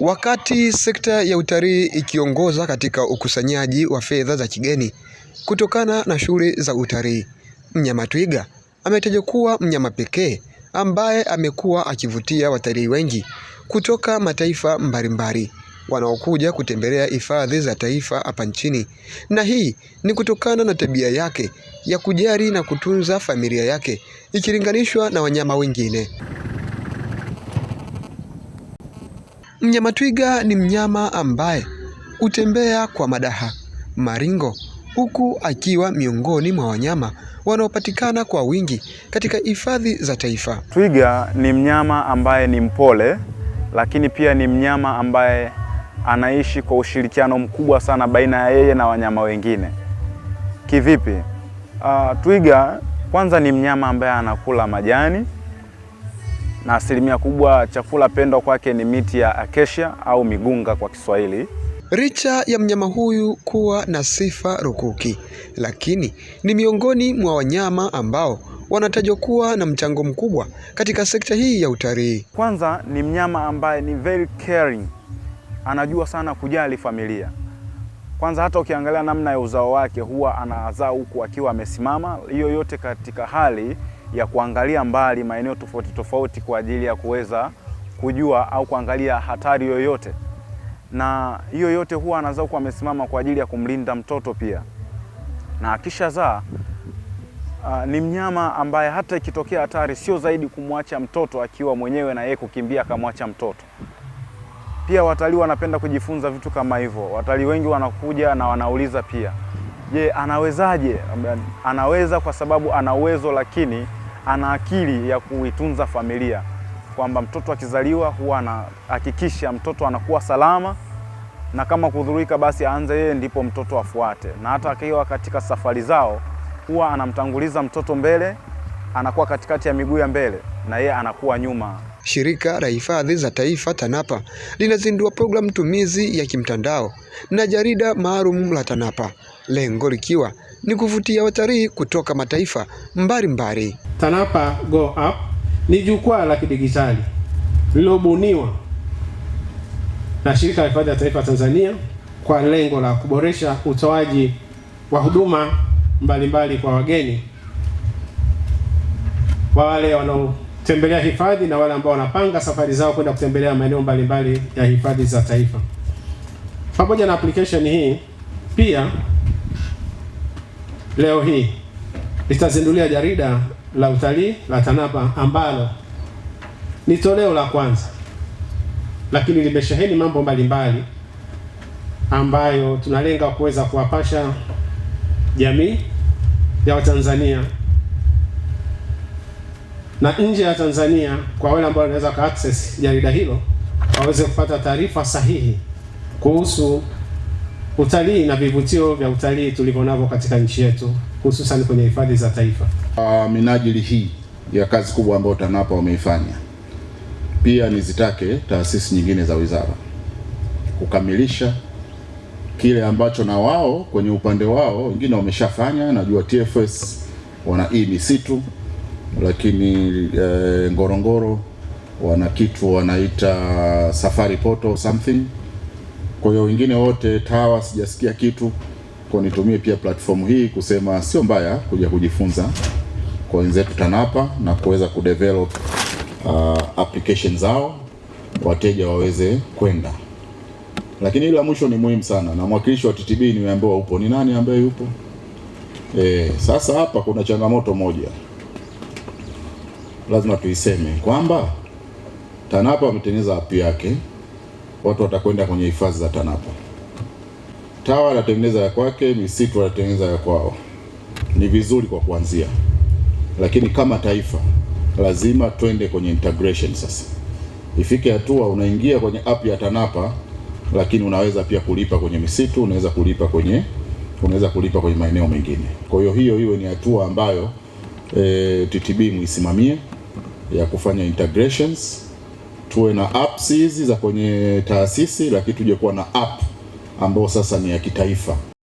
Wakati sekta ya utalii ikiongoza katika ukusanyaji wa fedha za kigeni kutokana na shughuli za utalii, mnyama twiga ametajwa kuwa mnyama pekee ambaye amekuwa akivutia watalii wengi kutoka mataifa mbalimbali wanaokuja kutembelea hifadhi za taifa hapa nchini, na hii ni kutokana na tabia yake ya kujali na kutunza familia yake ikilinganishwa na wanyama wengine. Mnyama twiga ni mnyama ambaye hutembea kwa madaha maringo huku akiwa miongoni mwa wanyama wanaopatikana kwa wingi katika hifadhi za taifa. Twiga ni mnyama ambaye ni mpole, lakini pia ni mnyama ambaye anaishi kwa ushirikiano mkubwa sana baina ya yeye na wanyama wengine. Kivipi? Uh, twiga kwanza ni mnyama ambaye anakula majani na asilimia kubwa chakula pendwa kwake ni miti ya acacia au migunga kwa Kiswahili. richa ya mnyama huyu kuwa na sifa rukuki, lakini ni miongoni mwa wanyama ambao wanatajwa kuwa na mchango mkubwa katika sekta hii ya utalii. Kwanza ni mnyama ambaye ni very caring, anajua sana kujali familia. Kwanza hata ukiangalia namna ya uzao wake huwa anazaa huku akiwa amesimama, hiyo yote katika hali ya kuangalia mbali maeneo tofauti tofauti kwa ajili ya kuweza kujua au kuangalia hatari yoyote, na hiyo yote huwa anazaa kuwa amesimama kwa ajili ya kumlinda mtoto pia, na akishazaa Uh, ni mnyama ambaye hata ikitokea hatari sio zaidi kumwacha mtoto akiwa mwenyewe na yeye kukimbia akamwacha mtoto. Pia watalii wanapenda kujifunza vitu kama hivyo. Watalii wengi wanakuja na wanauliza pia, je, anawezaje? Anaweza kwa sababu ana uwezo, lakini ana akili ya kuitunza familia, kwamba mtoto akizaliwa huwa anahakikisha mtoto anakuwa salama, na kama kudhurika basi aanze yeye, ndipo mtoto afuate. Na hata akiwa katika safari zao huwa anamtanguliza mtoto mbele, anakuwa katikati ya miguu ya mbele na yeye anakuwa nyuma. Shirika la Hifadhi za Taifa TANAPA linazindua programu tumizi ya kimtandao na jarida maalum la TANAPA, lengo likiwa ni kuvutia watalii kutoka mataifa mbalimbali. TANAPA Go Up ni jukwaa la kidigitali lilobuniwa na Shirika la Hifadhi ya Taifa Tanzania kwa lengo la kuboresha utoaji wa huduma mbalimbali kwa wageni wa wale wanao kutembelea hifadhi na wale ambao wanapanga safari zao kwenda kutembelea maeneo mbalimbali ya hifadhi za taifa. Pamoja na application hii, pia leo hii litazindulia jarida la utalii la TANAPA ambalo ni toleo la kwanza, lakini limesheheni mambo mbalimbali ambayo tunalenga kuweza kuwapasha jamii ya Watanzania na nje ya Tanzania, kwa wale ambao wanaweza ka access jarida hilo waweze kupata taarifa sahihi kuhusu utalii na vivutio vya utalii tulivyonavyo katika nchi yetu hususan kwenye hifadhi za taifa. Uh, minajili hii ya kazi kubwa ambayo TANAPA wameifanya, pia nizitake taasisi nyingine za wizara kukamilisha kile ambacho na wao kwenye upande wao wengine wameshafanya. Najua TFS wana hii e misitu lakini eh, Ngorongoro wana kitu wanaita safari poto something. Kwa hiyo wengine wote TAWA sijasikia kitu, kwa nitumie pia platform hii kusema sio mbaya kuja kujifunza kwa wenzetu TANAPA na kuweza kudevelop uh, application zao wateja waweze kwenda. Lakini hili la mwisho ni muhimu sana, na mwakilishi wa TTB nimeambiwa upo. Ni nani ambaye yupo? E, sasa hapa kuna changamoto moja lazima tuiseme kwamba TANAPA wametengeneza app yake, watu watakwenda kwenye hifadhi za TANAPA. TAWA anatengeneza ya kwake, misitu anatengeneza ya kwao. Ni vizuri kwa kuanzia, lakini kama taifa lazima twende kwenye integration. Sasa ifike hatua unaingia kwenye app ya TANAPA, lakini unaweza pia kulipa kwenye misitu, unaweza kulipa kwenye unaweza kulipa kwenye maeneo mengine. Kwa hiyo hiyo iwe ni hatua ambayo e, eh, TTB muisimamie ya kufanya integrations, tuwe na apps hizi za kwenye taasisi, lakini tuje kuwa na app ambayo sasa ni ya kitaifa.